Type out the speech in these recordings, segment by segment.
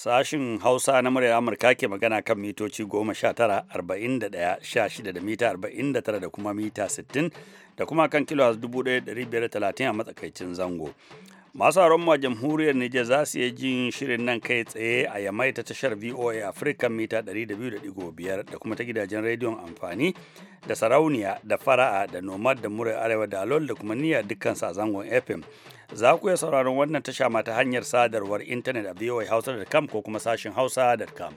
Sashin Hausa na murya Amurka ke magana kan mitoci goma sha tara arba'in da ɗaya sha shida da mita arba'in da tara da kuma mita sittin da kuma kan kilo dubu ɗaya dari biyar talatin a matsakaicin zango. masu ma jamhuriyar Nijar za su yi jin shirin nan kai tsaye a yamai ta tashar VOA Africa mita 200.5 da kuma ta gidajen rediyon amfani da sarauniya da fara'a da nomad da murai arewa da alol da kuma niyya dukkan a zangon FM. Za ku iya sauraron wannan tasha ma ta hanyar sadarwar intanet a voahausa.com ko kuma sashin hausa.com.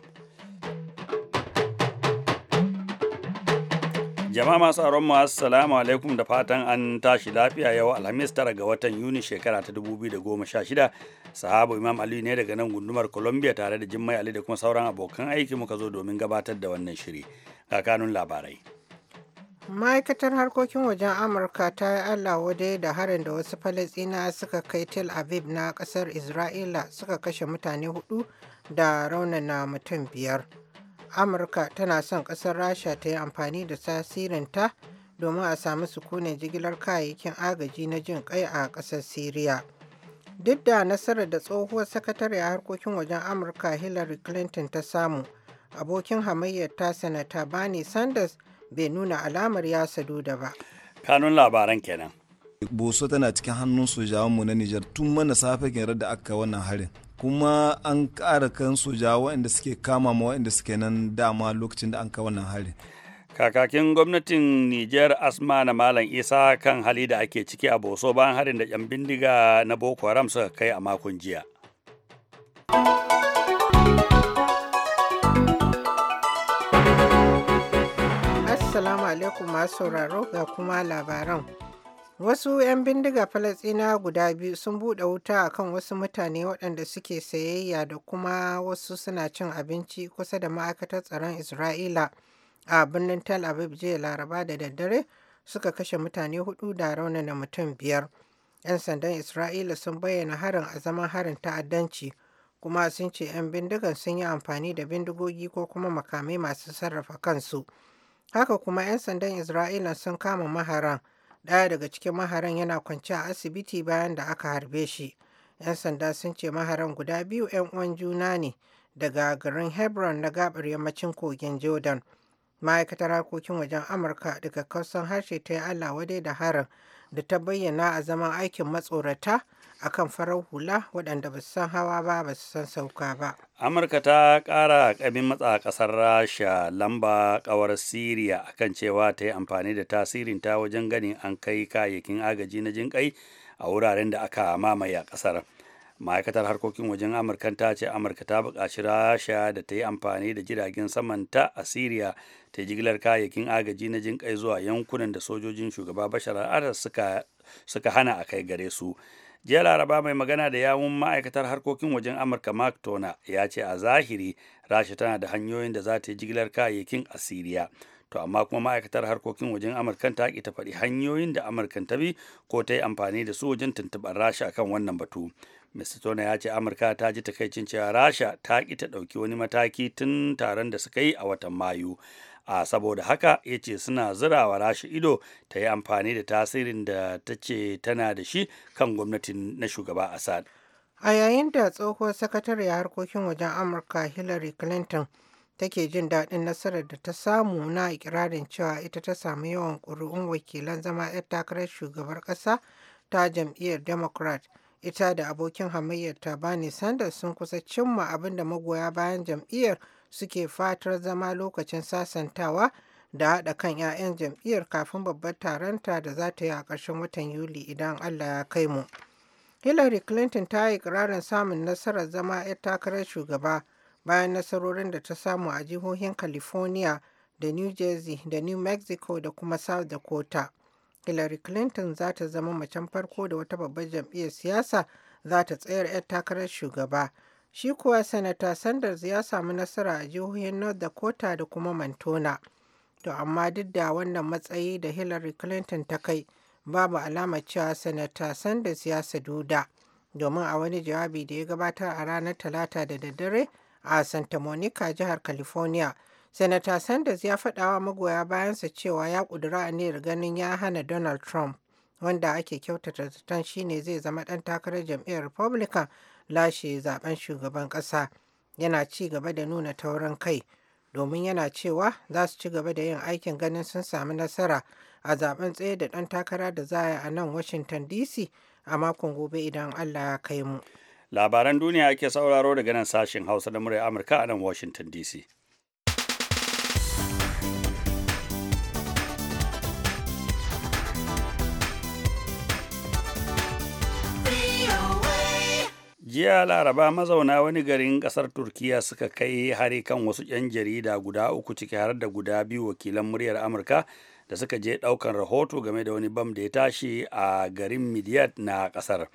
Jama'a masu aron mu assalamu alaikum da fatan an tashi lafiya yau Alhamis tara ga watan Yuni shekara ta 2016. Sahabu Imam Ali ne daga nan gundumar colombia tare da Jimmai Ali da kuma sauran abokan aiki muka zo domin gabatar da wannan shiri. Kakanun labarai. Ma'aikatar harkokin wajen Amurka ta yi Allah wadai da harin da wasu Falasina suka kai Tel Aviv na kasar Isra'ila suka kashe mutane hudu da raunana mutum biyar. amurka tana son ƙasar rasha ta yi amfani da tasirinta domin a samu sukunin jigilar kayayyakin agaji na jin kai a ƙasar siriya duk da nasarar da tsohuwar sakatare a harkokin wajen amurka hillary clinton ta samu abokin hamayyar ta sanata bani sanders bai nuna alamar ya sadu da ba kanun labaran kenan boso tana cikin hannun sojawanmu na nijar tun mana safe da aka wannan harin kuma an ƙara kan soja waɗanda suke kama ma waɗanda suke nan dama lokacin da an kawo wannan hari kakakin gwamnatin Nijar asma na malam isa kan hali da ake ciki a boso bayan harin da yan bindiga na boko haram suka kai a makon jiya assalamu alaikum masu sauraro ga kuma labaran Wasu 'yan bindiga Falasina guda biyu sun buɗe wuta a kan wasu mutane waɗanda suke sayayya da kuma wasu suna cin abinci kusa da ma'aikatar tsaron Isra'ila a birnin Tel Aviv jiya Laraba da daddare suka kashe mutane hudu da raunana mutum biyar. 'Yan sandan Isra'ila sun bayyana harin a zaman harin ta'addanci kuma sun ce 'yan bindigan sun yi amfani da bindigogi ko kuma makamai masu sarrafa kansu. Haka kuma 'yan sandan Isra'ila sun kama maharan. ɗaya daga cikin maharan yana kwance a asibiti bayan da aka harbe shi 'yan sanda sun ce maharan guda biyu 'yan uwan juna ne daga garin hebron na gabar yammacin kogin jordan ma'aikatar harkokin wajen amurka daga kasan harshe ta yi allah wadai da harin da ta bayyana a zaman aikin matsorata akan farar hula waɗanda ba su san hawa ba ba su san sauka ba. Amurka ta ƙara ƙabin matsa ƙasar Rasha lamba ƙawar Siriya akan cewa ta yi amfani da tasirin ta wajen ganin an kai kayayyakin agaji na jinƙai a wuraren da aka mamaye a ƙasar. ma'aikatar harkokin wajen amurka ta ce amurka ta buƙaci rasha da ta yi amfani da jiragen samanta a siriya ta yi jigilar kayayyakin agaji na jinƙai zuwa yankunan da sojojin shugaba bashar al suka, suka hana a kai gare su jiya laraba mai magana da yawun ma'aikatar harkokin wajen amurka mark tona ya ce a zahiri rasha tana da hanyoyin da za ta yi jigilar kayayyakin asiriya to amma kuma ma'aikatar harkokin wajen amurka ta ki ta faɗi hanyoyin da amurkan ta bi ko ta yi amfani da su wajen tuntuɓar rasha akan wannan batu mr tona ya ce amurka ta ji takaicin cewa rasha ta ki ta ɗauki wani mataki tun taron da suka yi a watan mayu a saboda haka ya ce suna zirawa rashi ido ta yi amfani da tasirin da ta ce tana da shi kan gwamnatin na shugaba assad a yayin da tsohuwar sakatare harkokin wajen amurka hillary clinton take jin daɗin nasarar da ta samu na ikirarin cewa ita ta samu yawan ƙuri'un wakilan zama 'yar takarar shugabar ƙasa ta jam'iyyar democrat ita da abokin hamayyar ta bani sanders sun kusa cimma abin da magoya bayan jam'iyyar suke fatar zama lokacin sasantawa da haɗa kan 'ya'yan jam'iyyar kafin babbar taronta da za ta yi a ƙarshen watan Yuli idan Allah ya kai mu. Hillary Clinton ta yi ƙirarin samun nasarar zama 'yar takarar shugaba bayan nasarorin da ta samu a jihohin California da New Jersey da New Mexico da kuma South Dakota. Hillary Clinton za ta zama macen farko da wata babbar jam'iyyar siyasa za ta tsayar 'yar takarar shugaba Shi kuwa Sanata Sanders ya samu nasara a jihohin North Dakota da kuma Montana. To amma duk da wannan matsayi da Hillary Clinton ta kai, babu alama cewa Sanata Sanders ya saduda. Domin a wani jawabi da ya gabatar a ranar Talata da daddare a Santa Monica, jihar California, Sanata Sanders ya faɗawa magoya bayansa cewa ya ƙudura aniyar ganin ya hana Donald Trump, wanda ake kyautata zaton shine zai zama ɗan takarar jam'iyyar Republican lashe zaben shugaban ƙasa yana ci gaba da nuna taurin kai domin yana cewa za su ci gaba da yin aikin ganin sun sami nasara a zaben tsaye da ɗan takara da za a nan washington dc a makon gobe idan allah ya kai mu labaran duniya ake sauraro daga nan sashen hausa da murai amurka a nan washington dc jiya laraba mazauna wani garin kasar turkiya suka kai hari kan wasu 'yan jarida guda uku ciki har da guda biyu wakilan muryar amurka da suka je daukan rahoto game da wani bam da ya tashi a garin midiyat na kasar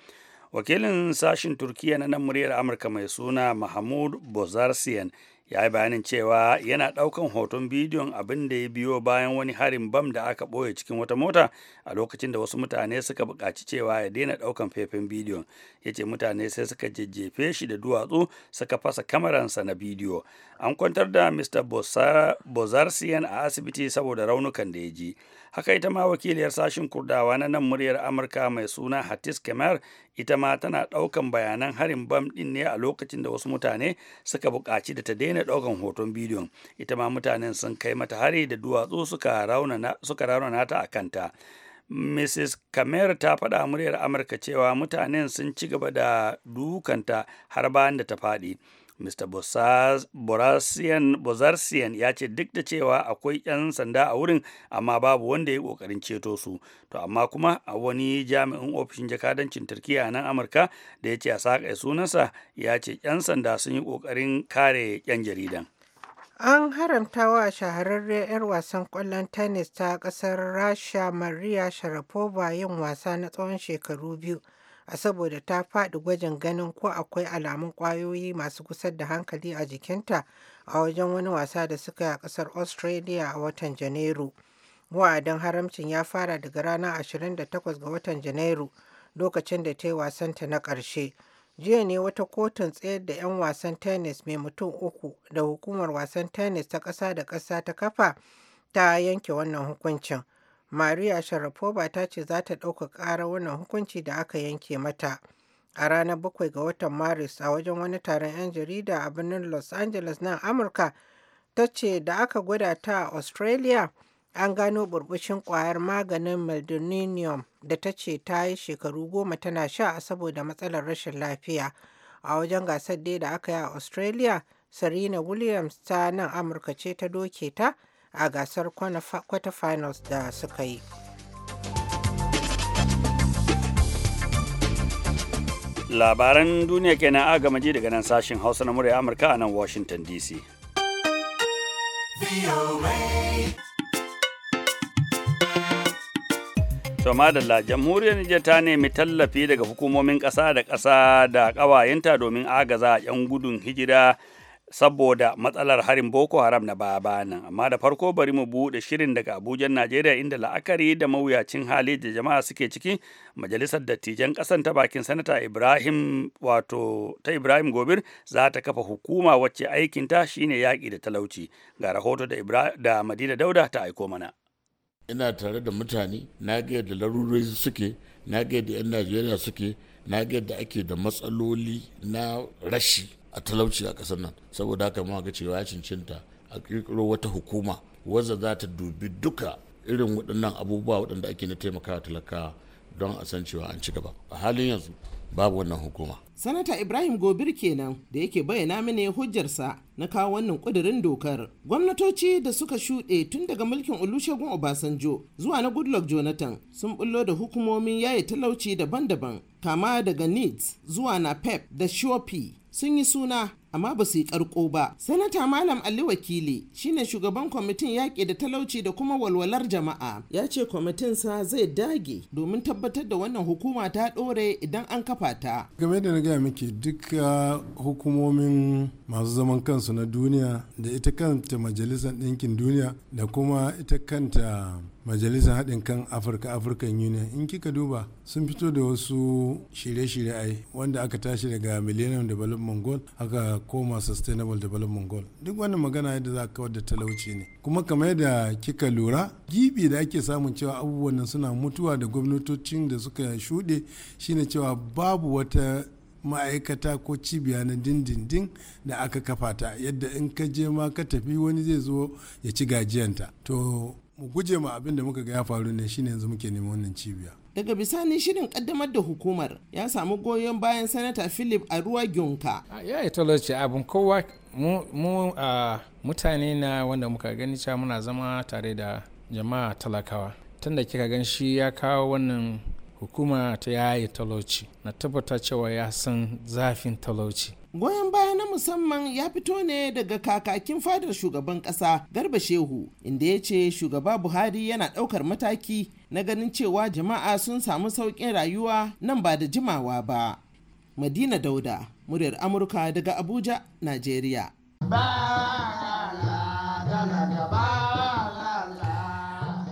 wakilin sashin turkiya na nan muryar amurka mai suna mahmud bozarsian ya yi bayanin cewa yana ɗaukan hoton bidiyon abin da ya biyo bayan wani harin bam da aka ɓoye cikin wata mota a lokacin da wasu mutane suka bukaci cewa ya daina ɗaukan faifin bidiyon ya ce mutane sai suka jejjefe shi da duwatsu suka fasa kamaransa na bidiyo an kwantar da mr bozarsian a asibiti saboda raunukan da ya ji haka ita ma wakiliyar sashin kurdawa na nan muryar amurka mai suna hatis kamar ita ma tana ɗaukan bayanan harin bam ɗin ne a lokacin da wasu mutane suka buƙaci da ta daina ɗaukan hoton bidiyon ita ma mutanen sun kai mata hari da duwatsu suka raunana ta a kanta Mrs. Kamer ta faɗa muryar Amurka cewa mutanen sun ci gaba da dukanta har bayan da ta faɗi. Mr. Bozarsian ya ce duk da cewa akwai 'yan sanda a wurin amma babu wanda ya kokarin ceto su. To amma kuma a wani jami'in ofishin jakadancin Turkiyya nan Amurka da ya ce a saƙa sunansa ya ce 'yan sanda sun yi ƙoƙarin kare 'yan jaridan. An haramta wa shahararriyar 'yar wasan kwallon tennis ta ƙasar Rasha Maria Sharapova yin wasa na tsawon shekaru biyu. a saboda ta faɗi gwajin ganin ko akwai alamun ƙwayoyi masu kusa da hankali a jikinta a wajen wani wasa da suka yi a ƙasar australia a watan janairu wa'adin haramcin ya fara daga ranar 28 ga watan janairu lokacin da ta yi wasanta na ƙarshe jiya ne wata kotun tsayar da 'yan wasan tennis mai mutum uku da hukumar wasan tennis ta ƙasa da ƙasa ta kafa ta yanke wannan hukuncin. Maria Sharapova ta ce za ta ɗauka ƙara wannan hukunci da aka yanke mata. A ranar bakwai ga watan Maris a wajen wani taron 'yan jarida a birnin Los Angeles nan Amurka ta ce da aka gwada ta a Australia an gano burbushin ƙwayar maganin meldonium da ta ce ta yi shekaru goma tana sha saboda matsalar rashin lafiya. A wajen gasar da aka yi a Australia, Serena Williams ta nan Amurka ce ta doke ta a gasar quarterfinals da suka yi. Labaran duniya kenan a gama ji daga nan sashen Hausa na murya Amurka a nan Washington DC. to madalla jamhuriyar Nijar ta nemi tallafi daga hukumomin ƙasa da ƙasa da ƙawayenta domin agaza 'yan gudun hijira saboda matsalar harin boko haram na baya nan amma da farko bari mu buɗe shirin daga abuja najeriya inda la'akari da mawuyacin hali da jama'a suke ciki majalisar dattijan ƙasan ta bakin sanata ibrahim wato ta ibrahim gobir za ta kafa hukuma wacce aikinta shine yaƙi da talauci ga rahoto da, da madina dauda ta aiko mana ina tare da mutane na ga yadda suke na ga 'yan najeriya suke na ga ake da matsaloli na rashi a talauci a ƙasar nan saboda haka ma ga cewa ya cincinta a ƙirƙiro wata hukuma wadda za ta dubi duka irin waɗannan abubuwa waɗanda ake na taimakawa talakawa don a san cewa an ci gaba a halin yanzu babu wannan hukuma. Sanata Ibrahim Gobir kenan da yake bayyana mini hujjarsa na kawo wannan kudirin dokar. Gwamnatoci da suka shuɗe tun daga mulkin Olusegun Obasanjo zuwa na Goodluck Jonathan sun bullo da hukumomin yaye talauci daban-daban kama daga NEEDS zuwa na PEP da SHOPI sun yi suna amma ba su yi karko ba sanata malam ali wakili shine shugaban kwamitin yaƙi da talauci da kuma walwalar jama'a ya ce kwamitin sa zai dage domin tabbatar da wannan hukuma ta ɗore idan an kafa ta game da na gaya miki duka uh, hukumomin masu zaman kansu na duniya da ita kanta majalisar ɗinkin duniya da kuma ita kanta majalisar haɗin kan afirka african union in kika duba sun fito da wasu shirye-shirye ai wanda aka tashi daga millennium development goal aka koma sustainable development goal duk wannan magana yadda za a kawar da talauci ne kuma kamar yadda kika lura gibi da ake samun cewa abubuwan nan suna mutuwa da gwamnatocin da suka shuɗe shine cewa babu wata ma'aikata ko cibiya na dindindin da aka kafa ta yadda in ka je ma ka tafi wani zai zo ya ci gajiyanta to mu guje ma abin da muka ga ya faru ne shine yanzu muke neman wannan cibiya daga bisani shirin kaddamar da hukumar ya samu goyon bayan sanata philip a ruwa gyunka ya yi talauci abin kowa mu mutane na wanda muka gani cewa muna zama tare da jama'a talakawa tunda kika gan shi ya kawo wannan hukuma ta yayi talauci na tabbata cewa ya san zafin talauci Goyon baya na musamman ya fito ne daga kakakin fadar shugaban kasa Garba Shehu inda ya ce shugaba Buhari yana daukar mataki na ganin cewa jama'a sun samu sauƙin rayuwa nan ba da jimawa ba. Madina Dauda, muryar Amurka daga Abuja, Najeriya.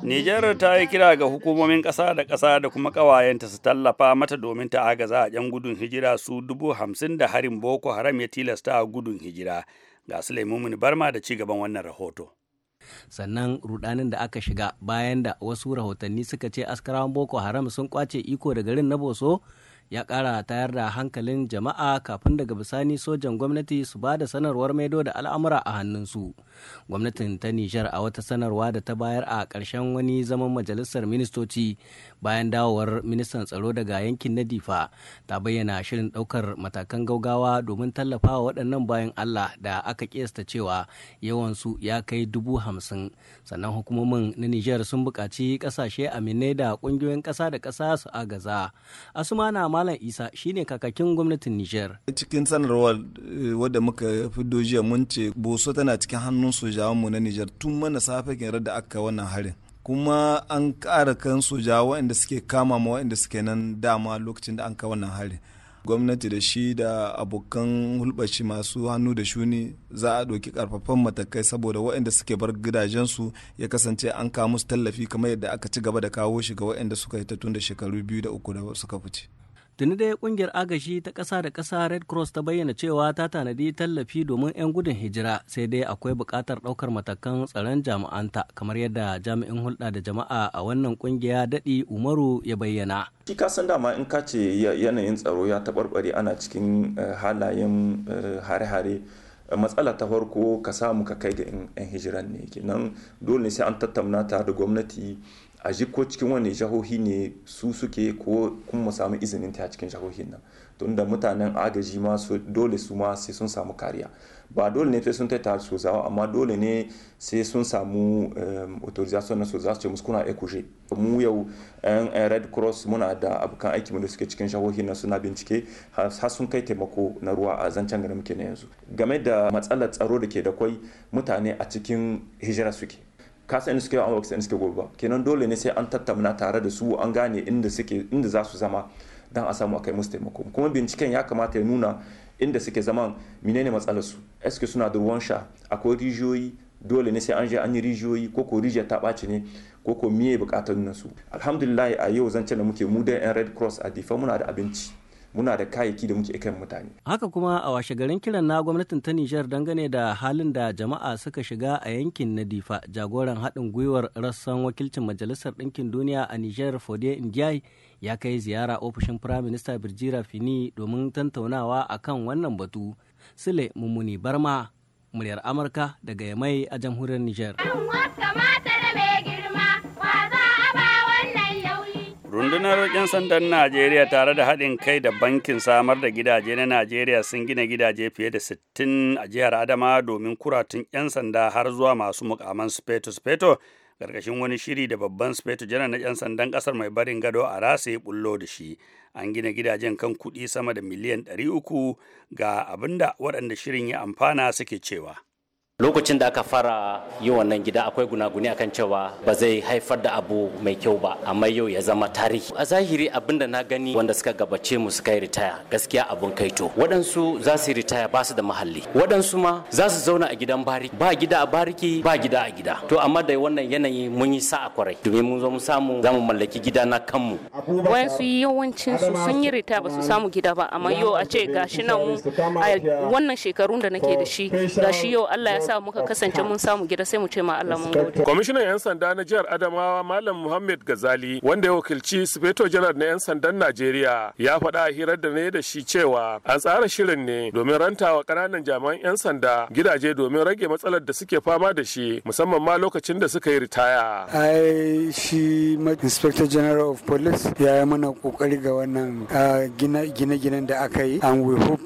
Nijar ta yi kira ga hukumomin ƙasa da ƙasa da kuma ƙawayenta su tallafa mata domin ta agaza a 'yan gudun hijira su dubu hamsin da harin Boko Haram ya tilasta a gudun hijira. Ga Suleiman Barma da ci gaban wannan rahoto. sannan rudanin da aka shiga bayan da wasu rahotanni suka ce askarawan boko haram sun kwace iko da garin na boso ya ƙara tayar da hankalin jama'a kafin daga bisani sojan gwamnati su ba da sanarwar maido da al'amura a hannunsu gwamnatin ta nijar a wata sanarwa da ta bayar a ƙarshen wani zaman majalisar ministoci bayan dawowar ministan tsaro daga yankin Nadifa, ta bayyana shirin ɗaukar matakan gaugawa domin tallafawa waɗannan bayan allah da aka kiyasta cewa yawansu ya kai dubu hamsin sannan hukumomin na nijar sun buƙaci ƙasashe aminai da ƙungiyoyin ƙasa da ƙasa su agaza asuma na Malam Isa shine kakakin gwamnatin Nijar. Cikin sanarwar eh, wadda muka fi jiya mun ce Boso tana cikin hannun sojawanmu na Nijar tun mana safe kenan da aka wannan harin. kuma an ƙara kan soja waɗanda suke kama ma waɗanda suke nan dama lokacin da an ka wannan hari gwamnati da shi da abokan hulɓashi masu hannu da shuni za a ɗauki ƙarfafan matakai saboda waɗanda suke bar gidajensu ya kasance an kawo musu tallafi kamar yadda aka ci gaba da kawo shi ga waɗanda suka yi ta tun da shekaru biyu da uku da suka fice. Tuni dai kungiyar agashi ta kasa da kasa Red Cross ta bayyana cewa ta tanadi tallafi domin 'yan gudun hijira sai dai akwai bukatar ɗaukar matakan tsaron jami'anta kamar yadda jami'in hulɗa da jama'a a wannan kungiya daɗi Umaru ya bayyana. Shi ka san dama in ka ce yanayin tsaro ya taɓarɓare ana cikin eh, halayen eh, hare-hare matsala ta farko ka samu ka kai ga 'yan hijiran ne kenan dole sai an tattauna ta da gwamnati a ji ko cikin wani jahohi ne su suke ko kuma samu izinin ta cikin jahohin nan don da mutanen agaji ma dole su ma sai sun samu kariya ba dole ne sai sun ta su zawa amma dole ne sai sun samu ehm, authorization na za su ce musu kuna ekuje mu yau yan red cross muna da abokan aiki mu da suke cikin shahohin nan suna bincike har sun kai taimako na ruwa a zancen garin muke na yanzu game da matsalar tsaro da ke da kwai mutane a cikin hijira suke ka san suke an waksa suke gobe ba kenan dole ne sai an tattauna tare da su an gane inda inda za su zama dan a samu akai musu taimako kuma binciken ya kamata ya nuna inda suke zama zaman ne matsalar su eske suna da ruwan sha akwai rijiyoyi dole ne sai an je an yi rijiyoyi ko ko rijiya ta ɓaci ne ko ko miye bukatar su alhamdulillah a yau zance da muke mu da yan red cross a difa muna da abinci muna da kayayyaki da muke kan mutane. Haka kuma a washe garin kiran na gwamnatin ta Nijar dangane da halin da jama'a suka shiga a yankin na jagoran haɗin gwiwar rassan wakilcin Majalisar Ɗinkin Duniya a Nijar Fode Ndiaye ya kai ziyara ofishin Firaminista Birjira Fini domin tantaunawa akan wannan batu. Sule Mummuni Barma, muryar Amurka daga Yamai a jamhuriyar Nijar. rundunar 'yan sandan najeriya tare da haɗin kai da bankin samar da gidaje na najeriya sun gina gidaje fiye da 60 a jihar adama domin kuratun 'yan sanda har zuwa masu mukaman speto speto karkashin wani shiri da babban speto janar na 'yan sandan ƙasar mai barin gado a rasa ya bullo da shi an gina gidajen kan kuɗi sama da miliyan 300 ga abinda waɗanda shirin ya amfana suke cewa lokacin da aka fara yi wannan gida akwai gunaguni akan cewa ba zai haifar da abu mai kyau ba amma yau ya zama tarihi a zahiri abin da na gani wanda suka gabace mu suka yi ritaya gaskiya abun kaito waɗansu za su yi ritaya ba su da mahalli waɗansu ma za su zauna a gidan bariki ba gida a bariki ba gida a gida to amma da wannan yanayi mun yi sa'a kwarai domin mun zo mu samu za mu mallaki gida na kanmu wayansu yawancin su sun yi ritaya ba su samu gida ba amma yau a ce gashi nan a wannan shekarun da nake da shi gashi yau Allah ya sa muka kasance mun samu gida sai mu ce ma Allah mun gode kwamishinan yan sanda na jihar Adamawa Malam Muhammad Gazali wanda ya wakilci Sufeto Janar na yan sandan Najeriya ya faɗa a hirar da yi da shi cewa an tsara shirin ne domin ranta wa ƙananan jami'an yan sanda gidaje domin rage matsalar da suke fama da shi musamman ma lokacin da suka yi ritaya ai shi Inspector General of Police ya yi mana kokari ga wannan gine-ginen da aka yi an we hope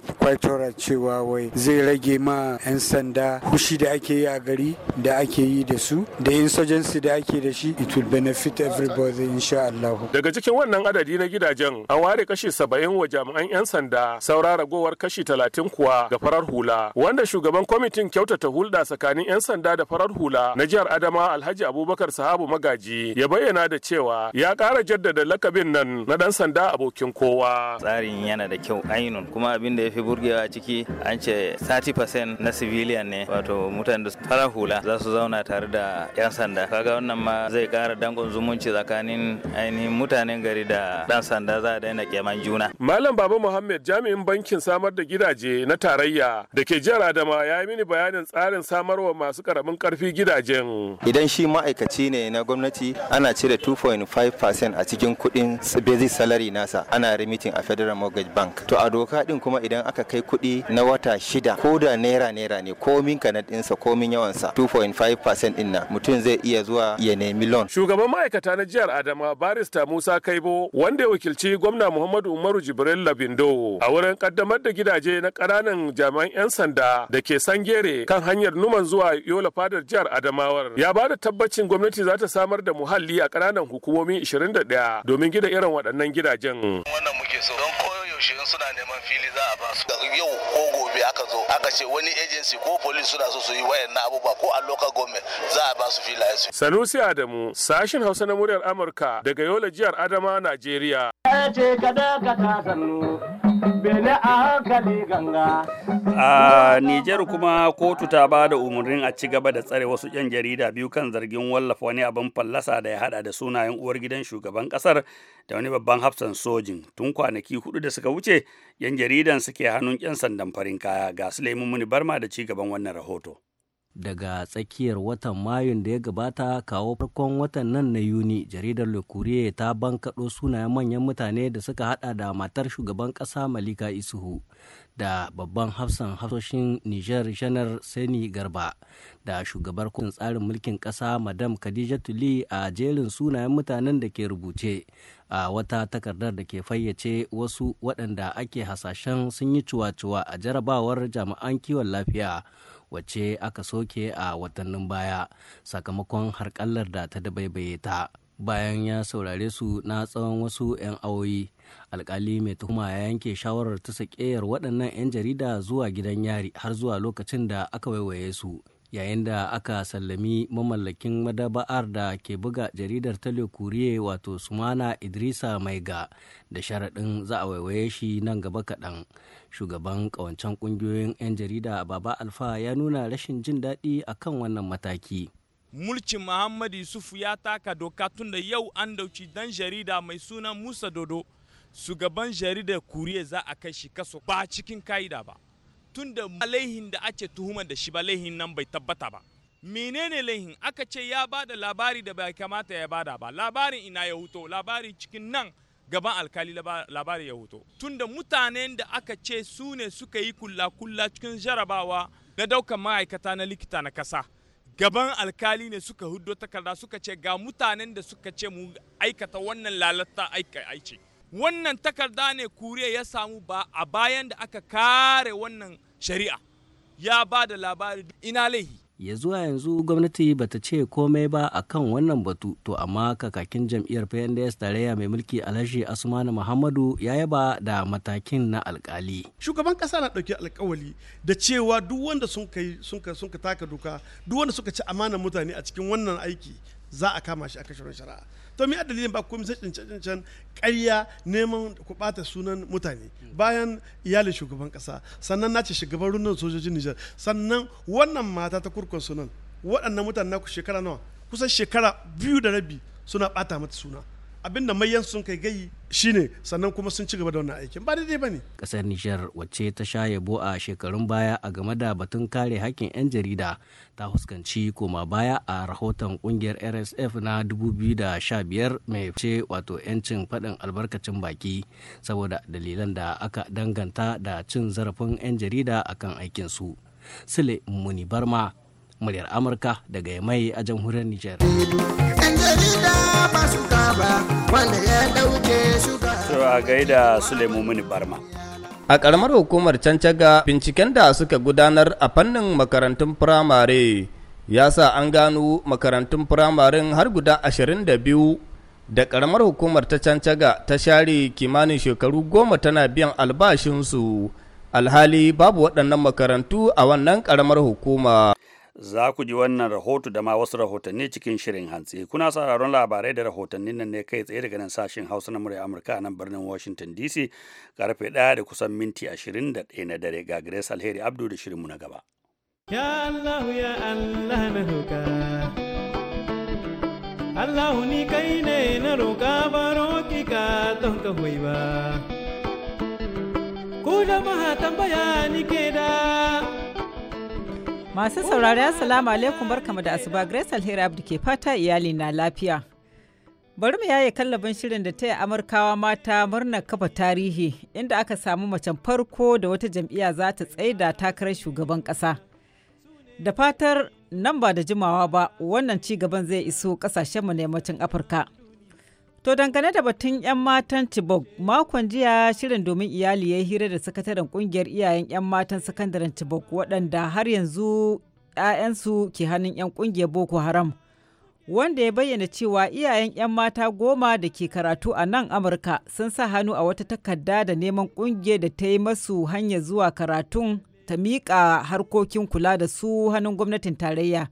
cewa wai zai rage ma 'yan sanda hushi rikici da ake yi a gari da ake yi da su da insurgency da ake da shi it will benefit everybody insha Allah. Daga cikin wannan adadi na gidajen an ware kashi saba'in wa jami'an 'yan sanda saura ragowar kashi talatin kuwa ga farar hula wanda shugaban kwamitin kyautata hulɗa tsakanin 'yan sanda da farar hula na jihar Adama Alhaji Abubakar Sahabu Magaji ya bayyana da cewa ya ƙara jaddada lakabin nan na ɗan sanda abokin kowa. Tsarin yana da kyau ainun kuma abin da ya fi burgewa ciki an ce 30% na civilian ne wato mutane da fara hula za su zauna tare da 'yan sanda kaga wannan ma zai kara dangon zumunci tsakanin ainihin mutanen gari da dan sanda za a daina keman juna malam baba muhammad jami'in bankin samar da gidaje na tarayya da ke jihar adama ya yi mini bayanin tsarin samarwa masu karamin karfi gidajen idan shi ma'aikaci ne na gwamnati ana cire 2.5% a cikin kuɗin basic salary nasa ana remitting a federal mortgage bank to a doka din kuma idan aka kai kuɗi na wata shida ko da naira naira ne ko minka na ɗinsa komin yawansa 2.5% ɗin nan mutum zai iya zuwa ya nemi loan. Shugaban ma'aikata na jihar Adama barista Musa Kaibo wanda ya wakilci gwamna Muhammadu Umaru Jibril Labindo a wurin kaddamar da gidaje na ƙananan jami'an 'yan sanda da ke Sangere kan hanyar numan zuwa Yola fadar jihar Adamawar ya ba da tabbacin gwamnati za ta samar da muhalli a ƙananan hukumomi 21 domin gida irin waɗannan gidajen. Wannan muke so don yaushe suna neman fili za a basu yau ko gobe aka zo aka ce wani agency ko police suna so su yi na abubuwa ko a local government za a basu filaye su Sanusi Adamu sashin Hausa na muryar Amurka daga Yola jihar Adama Najeriya ce ka bene a hankali ganga. A Nijar kuma kotu ta ba da umarnin a ci gaba da tsare wasu 'yan jarida biyu kan zargin wallafa wani abin fallasa da ya hada da sunayen uwar gidan shugaban kasar da wani babban hafsan sojin tun kwanaki hudu da suka wuce 'yan jaridan suke hannun 'yan sandan farin kaya ga su muni barma da ci gaban wannan rahoto. daga tsakiyar watan mayun da ya gabata kawo farkon watan nan na yuni jaridar le ta bankaɗo sunayen manyan mutane da suka hada da matar shugaban ƙasa malika isuhu da babban hafsan hafsoshin niger janar sani garba da shugabar kudin tsarin mulkin ƙasa madam khadija tuli a jerin sunayen mutanen da ke rubuce a wata takardar da ke fayyace wasu waɗanda ake hasashen sun yi cuwa-cuwa a jarabawar jami'an kiwon lafiya wacce aka soke a watannin baya sakamakon harkallar da ta dabaibaye ta bayan ya saurare su na tsawon wasu 'yan awoyi alkali mai tuhuma ya yanke shawarar ta sakeyar waɗannan 'yan jarida zuwa gidan yari har zuwa lokacin da aka waiwaye su yayin da aka sallami mamallakin madaba'ar da ke buga jaridar tale kuriye wato sumana idrisa maiga da sharaɗin za a waiwaye shi nan gaba kaɗan shugaban ƙawancen ƙungiyoyin 'yan jarida baba alfa ya nuna rashin jin daɗi akan wannan mataki mulkin Muhammadu yusuf ya taka doka tun da yau an dauki dan jarida mai sunan Musa Dodo, shugaban jaridar Kuriya za a kai shi kaso ba cikin ka'ida ba. tunda laihin da ake tuhumar da shi ba laihin nan bai tabbata ba menene laihin aka ce ya ba da labari da bai kamata ya bada ba labarin ina ya huto labari cikin nan gaban alkali labari ya huto tunda mutanen da aka ce su ne suka yi kulla kulla cikin jarabawa na daukan ma'aikata na likita na kasa gaban alkali ne suka huddo takarda suka ce ga mutanen da suka ce mu aikata wannan lalata aika aice wannan takarda ne kuriya ya samu ba a bayan da aka kare wannan shari'a ya ba da labari ina laihi ya zuwa yanzu gwamnati ba ta ce komai ba a kan wannan batu to amma kakakin jam'iyyar pnds tarayya mai mulki alhaji asmanu muhammadu ya yaba da matakin na alkali shugaban kasa na ɗauki alkawali da cewa duk wanda sun ka taka doka duk wanda suka ci amanar mutane a cikin wannan aiki za a kama shi a kashe shari'a to mi dalilin ba kuma sai cancan ƙarya neman ku bata sunan mutane bayan iyalin shugaban kasa sannan nace shugaban rundunar sojojin Nijar sannan wannan mata ta kurkun sunan waɗannan mutanen naku shekara nawa kusan shekara biyu da rabi suna bata mata suna abin da mayan sun kai gayi shine sannan kuma sun ci gaba da wannan aikin ba daidai bane kasar Nijar wacce ta sha yabo a shekarun baya a game da batun kare hakkin yan jarida ta fuskanci koma baya a rahoton kungiyar RSF na 2015 mai ce wato yancin faɗin albarkacin baki saboda dalilan da aka danganta da cin zarafin yan jarida akan aikin su Sule Muni Barma muryar amurka daga mai a jamhuriyar niger a karamar Suleiman A ƙaramar hukumar Cancaga binciken da suka gudanar a fannin makarantun firamare ya sa an gano makarantun firamaren har guda 22 da ƙaramar hukumar ta Cancaga ta share kimanin shekaru goma tana biyan albashinsu alhali babu waɗannan makarantu a wannan karamar hukuma. za ku ji wannan rahoto da ma wasu rahotanni cikin shirin hantsi kuna sauraron labarai da rahotannin nan ne kai tsaye daga nan sashen hausa na murya amurka a nan birnin washington dc karfe ɗaya da kusan minti ashirin da ɗaya na dare ga grace alheri abdu da shirinmu na gaba ya allah ya allah na roka allah ni kai ne na roka baro ki ka don ka hoiba ku tambaya ni ke da Masu saurari Assalamu alaikum barkamu da asuba Grace Alheri abdu ke fata iyali na lafiya. Bari mu yaye kallabin shirin da ta yi Amurkawa mata murnar kafa tarihi inda aka samu macen farko da wata jam'iyya za ta tsaida takarar shugaban ƙasa. Da fatar nan ba da jimawa ba wannan ci gaban zai iso ƙasashenmu na yammacin Afirka. To dangane da batun 'yan matan Chibok, makon jiya shirin domin iyali ya hira da sakataren kungiyar iyayen 'yan matan sakandaren Chibok waɗanda har yanzu 'ya'yansu ke hannun 'yan kungiyar Boko Haram. Wanda ya bayyana cewa iyayen 'yan mata goma da ke karatu a nan Amurka sun sa hannu a wata takarda da neman kungiyar da ta yi masu hanya zuwa karatun ta miƙa harkokin kula da su hannun gwamnatin tarayya.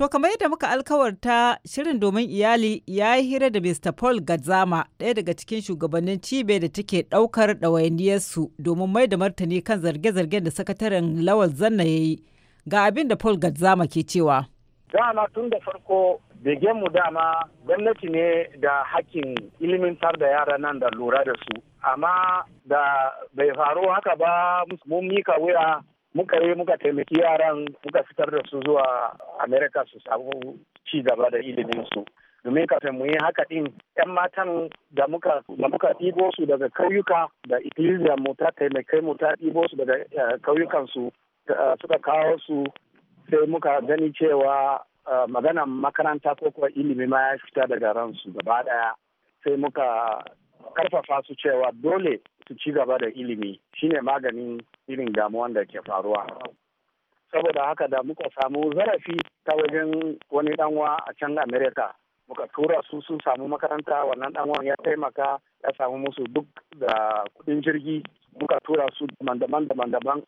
To kamar yadda muka alkawarta shirin domin iyali ya yi hira da Mr. Paul Gadzama ɗaya daga cikin shugabannin cibe da take ɗaukar ɗawainiyarsu domin mai da martani kan zarge-zargen da sakataren Lawal Zanna ya yi. Ga abin da Paul Gadzama ke cewa. Dama tun da farko mu dama gwamnati ne da hakkin ilimintar da yara nan da lura da su. Amma da bai faru haka ba mun mika wuya muka yi muka taimaki yaran muka fitar da su zuwa america su samu ci gaba da ilimin su domin kafin mu yi haka din yan matan da muka da muka ɗibo su daga kauyuka da iglesia mu ta taimakai mu ta ɗibo su daga eh, kauyukan su eh, suka kawo su sai muka gani cewa eh, magana makaranta ko kuwa ilimi ma ya fita daga ransu gaba daya sai muka karfafa su cewa dole su ci gaba da ilimi shine maganin irin damuwan da ke faruwa saboda haka da muka samu zarafi ta wajen wani danwa a can america muka tura su sun samu makaranta wannan danwan ya taimaka ya samu musu duk da kudin jirgi muka tura su daban-daban daban-daban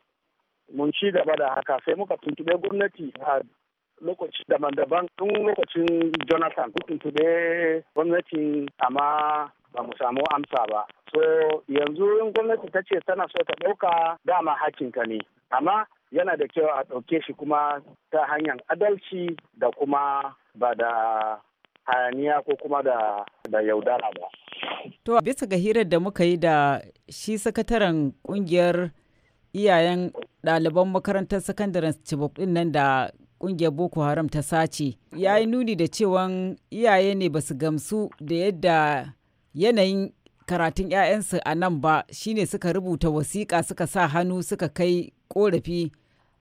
mun ci gaba da haka sai muka tuntube gwamnati a lokaci daban-daban tun lokacin jonathan duk da gwamnatin amma ba mu samu amsa ba so yanzu in gwamnati ta ce tana so ta ɗauka dama hakinka ne amma yana da kyau a ɗauke shi kuma ta hanyar adalci da kuma ba da hayaniya ko kuma da, yaudara ba. To, bisa ga hirar da muka yi da shi sakataren kungiyar iyayen ɗaliban makarantar sakandaren Chibok ɗin nan da kungiyar boko haram ta sace ya yi nuni da cewa iyaye ne ba su gamsu da yadda yanayin karatun 'ya'yansu a nan ba shine suka rubuta wasiƙa suka sa hannu suka kai korafi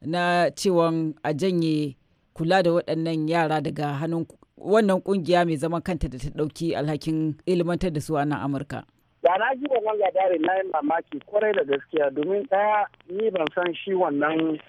na cewa a janye kula da waɗannan yara daga hannun wannan kungiya mai zaman kanta da ta ɗauki alhakin ilmantar da su a nan amurka da na ji wannan labari na yi mamaki kwarai da gaskiya domin ɗaya ni ban san shi wannan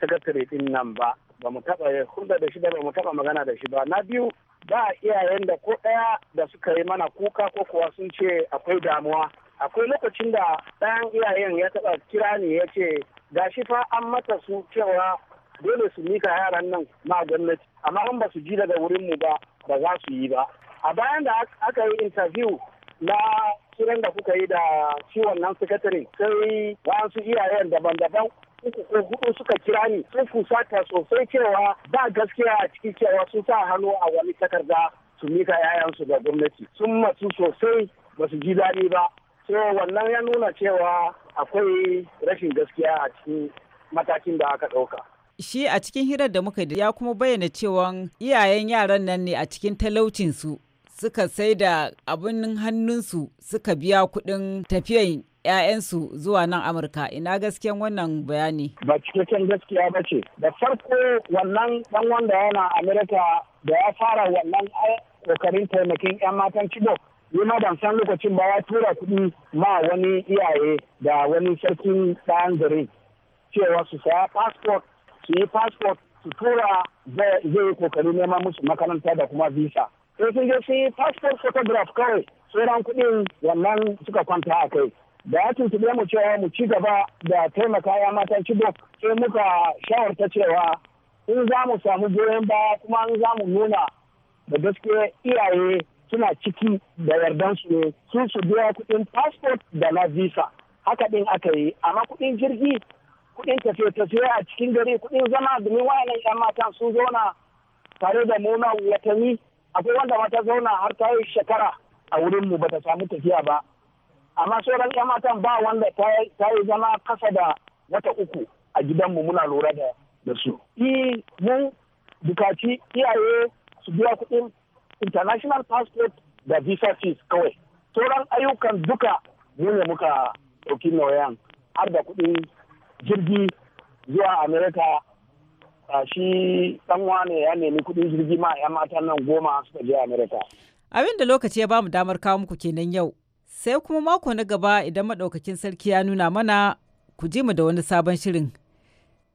sakatare din nan ba ba mu taɓa hulɗa da shi ba mu taɓa magana da shi ba na biyu ba iyayen da ko ɗaya da suka yi mana kuka ko kuwa sun ce akwai damuwa akwai lokacin da ɗayan iyayen ya taba kira ni ya ce gashi fa an mata su cewa dole su mika yaran nan ma gwamnati amma in ba su ji daga wurin mu ba ba za su yi ba a bayan da aka yi interview na kiran da kuka yi da ciwon nan sakatare sai wasu iyayen daban-daban uku ko hudu suka kira ni sun fusata sosai cewa ba gaskiya a cikin cewa sun sa hannu a wani takarda su mika 'ya'yansu da gwamnati sun matsu sosai ba su ji daɗi ba so wannan ya nuna cewa akwai rashin gaskiya a cikin matakin da aka ɗauka. Shi a cikin hirar da muka ya kuma bayyana cewa iyayen yaran nan ne a cikin talaucinsu suka sai da abin hannunsu suka biya kuɗin tafiyan 'ya'yansu zuwa nan Amurka. Ina gaskiyan wannan bayani? Ba cikakken gaskiya ba ce. Da farko wannan ɗan wanda yana Amurka da ya fara wannan ƙoƙarin taimakin 'yan matan Chibok. Ni ma ban san lokacin ba ya tura kuɗi ma wani iyaye da wani sarkin ɗayan gari cewa su saya passport su yi passport su tura zai yi kokari neman musu makaranta da kuma visa. Sai sun je su yi passport photograph kawai sauran kuɗin wannan suka kwanta a kai. da ya tuntube mu cewa mu ci gaba da taimaka ya matan cibo sai muka shawarta cewa in za mu samu goyon baya kuma in za mu nuna da gaske iyaye suna ciki da su ne su su biya kuɗin passport da na visa haka din aka yi amma kuɗin jirgi kuɗin tafiye-tafiye a cikin gari kuɗin zama domin wayanan 'yan matan sun zauna tare da mu watanni akwai wanda mata zauna har ta yi shekara a wurinmu ba ta samu tafiya ba amma sauran yan matan ba wanda ta yi zama kasa da wata uku a gidanmu muna lura da da su i mun bukaci iyaye su biya kuɗin international passport da visa fees kawai sauran ayyukan duka mu muka ɗauki nauyan har da kuɗin jirgi zuwa america shi ɗanwa ne ya nemi kuɗin jirgi ma ya matan nan goma suka je america abin da lokaci ya bamu damar kawo muku kenan yau Sai kuma mako na gaba idan maɗaukakin sarki ya nuna mana ku ji mu da wani sabon shirin.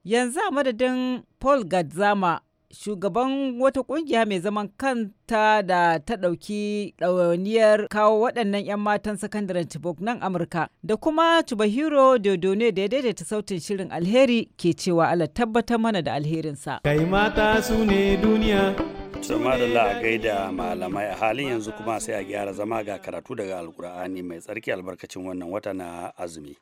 Yanzu a madadin Paul Gadzama, shugaban wata ƙungiya mai zaman kanta da ta ɗauki ɗawainiyar kawo waɗannan 'yan matan sakandaren Chibok nan Amurka, da kuma Chubahiro Dodone da ya daidaita sautin shirin alheri ke cewa Allah tabbatar mana da alherinsa. Kai mata su ne duniya. Sama da la'agai da malamai a halin yanzu kuma sai a gyara zama ga karatu daga alkur'ani mai tsarki albarkacin wannan wata na azumi.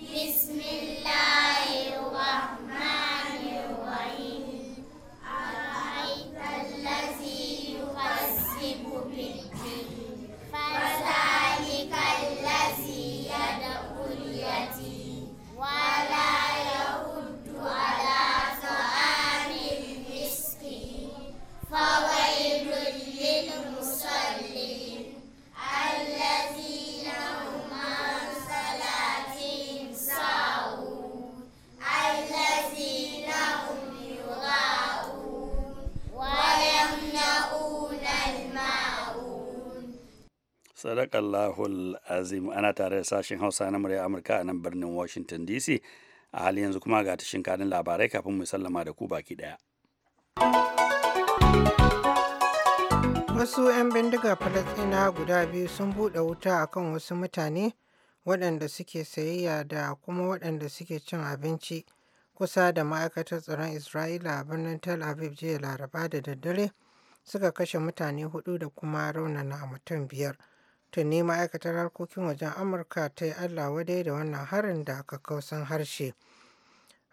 Bismillahirrahmanirrahim. sadakallahul azim ana tare da sashen hausa na murya amurka a nan birnin washington dc a hali yanzu kuma ga tashin kanin labarai kafin mu sallama da ku baki daya wasu 'yan bindiga falastina guda biyu sun buɗe wuta a kan wasu mutane waɗanda suke sayayya da kuma waɗanda suke cin abinci kusa da ma'aikatar tsaron isra'ila a birnin tel aviv jiya laraba da daddare suka kashe mutane hudu da kuma raunana mutum biyar Tuni ma'aikatar harkokin wajen Amurka ta yi Allah wadai da wannan harin da aka kakkausan harshe.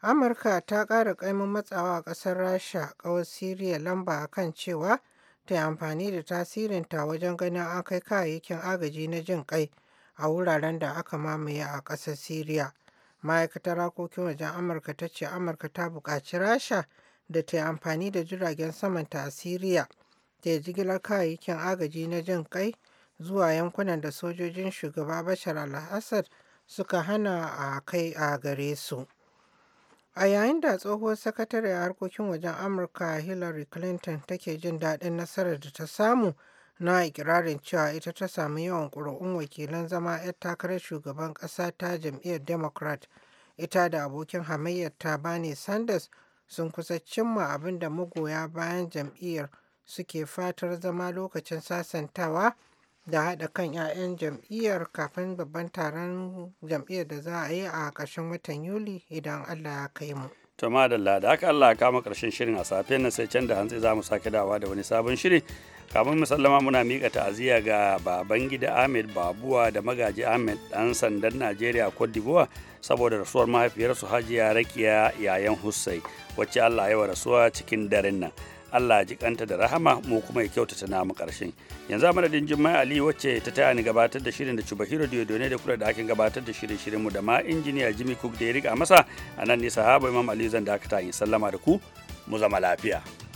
Amurka ta ƙara ƙaimin matsawa a ƙasar Rasha ƙawar Siriya lamba a kan cewa ta yi amfani da tasirinta wajen ganin an kai kayayyakin agaji na jin kai a wuraren da aka mamaye a ƙasar Siriya. Ma'aikatar harkokin wajen Amurka ta ce Amurka ta buƙaci Rasha da ta yi amfani da jiragen samanta a Siriya yi jigilar kayayyakin agaji na jin kai zuwa yankunan da sojojin shugaba Bashar al-Assad suka hana a kai a gare su. A yayin da tsohuwar sakatare a harkokin wajen Amurka Hillary Clinton take jin daɗin nasarar da ta samu na ikirarin cewa ita ta samu yawan ƙuri'un wakilan zama 'yar takarar shugaban ƙasa ta jam'iyyar Democrat, ita da abokin hamayyar ta bani Sanders sun kusa cimma abin da magoya bayan jam'iyyar suke fatar zama lokacin sasantawa da haɗa kan 'ya'yan jam'iyyar kafin babban taron jam'iyyar da za a yi a ƙarshen watan Yuli idan Allah ya kai mu. To madalla da haka Allah ya kama ƙarshen shirin a safe nan sai can da hantsi za mu sake dawa da wani sabon shiri. Kamun musallama muna miƙa ta'aziyya ga baban gida Ahmed Babuwa da magaji Ahmed dan sandan Najeriya Cote d'Ivoire saboda rasuwar mahaifiyarsu Hajiya Rakiya yayan Hussai wacce Allah ya wa rasuwa cikin daren nan. Allah ji kanta da rahama mu kuma ya kyautata namu karshen yanzu a madadin jimai Ali wacce ta taya ni gabatar da shirin da Chubahiro Diodone da kula da akin gabatar da shirin shirin mu da ma injiniya Jimmy Cook da ya rika masa anan ne sahaba Imam Ali zan dakata in sallama da ku mu zama lafiya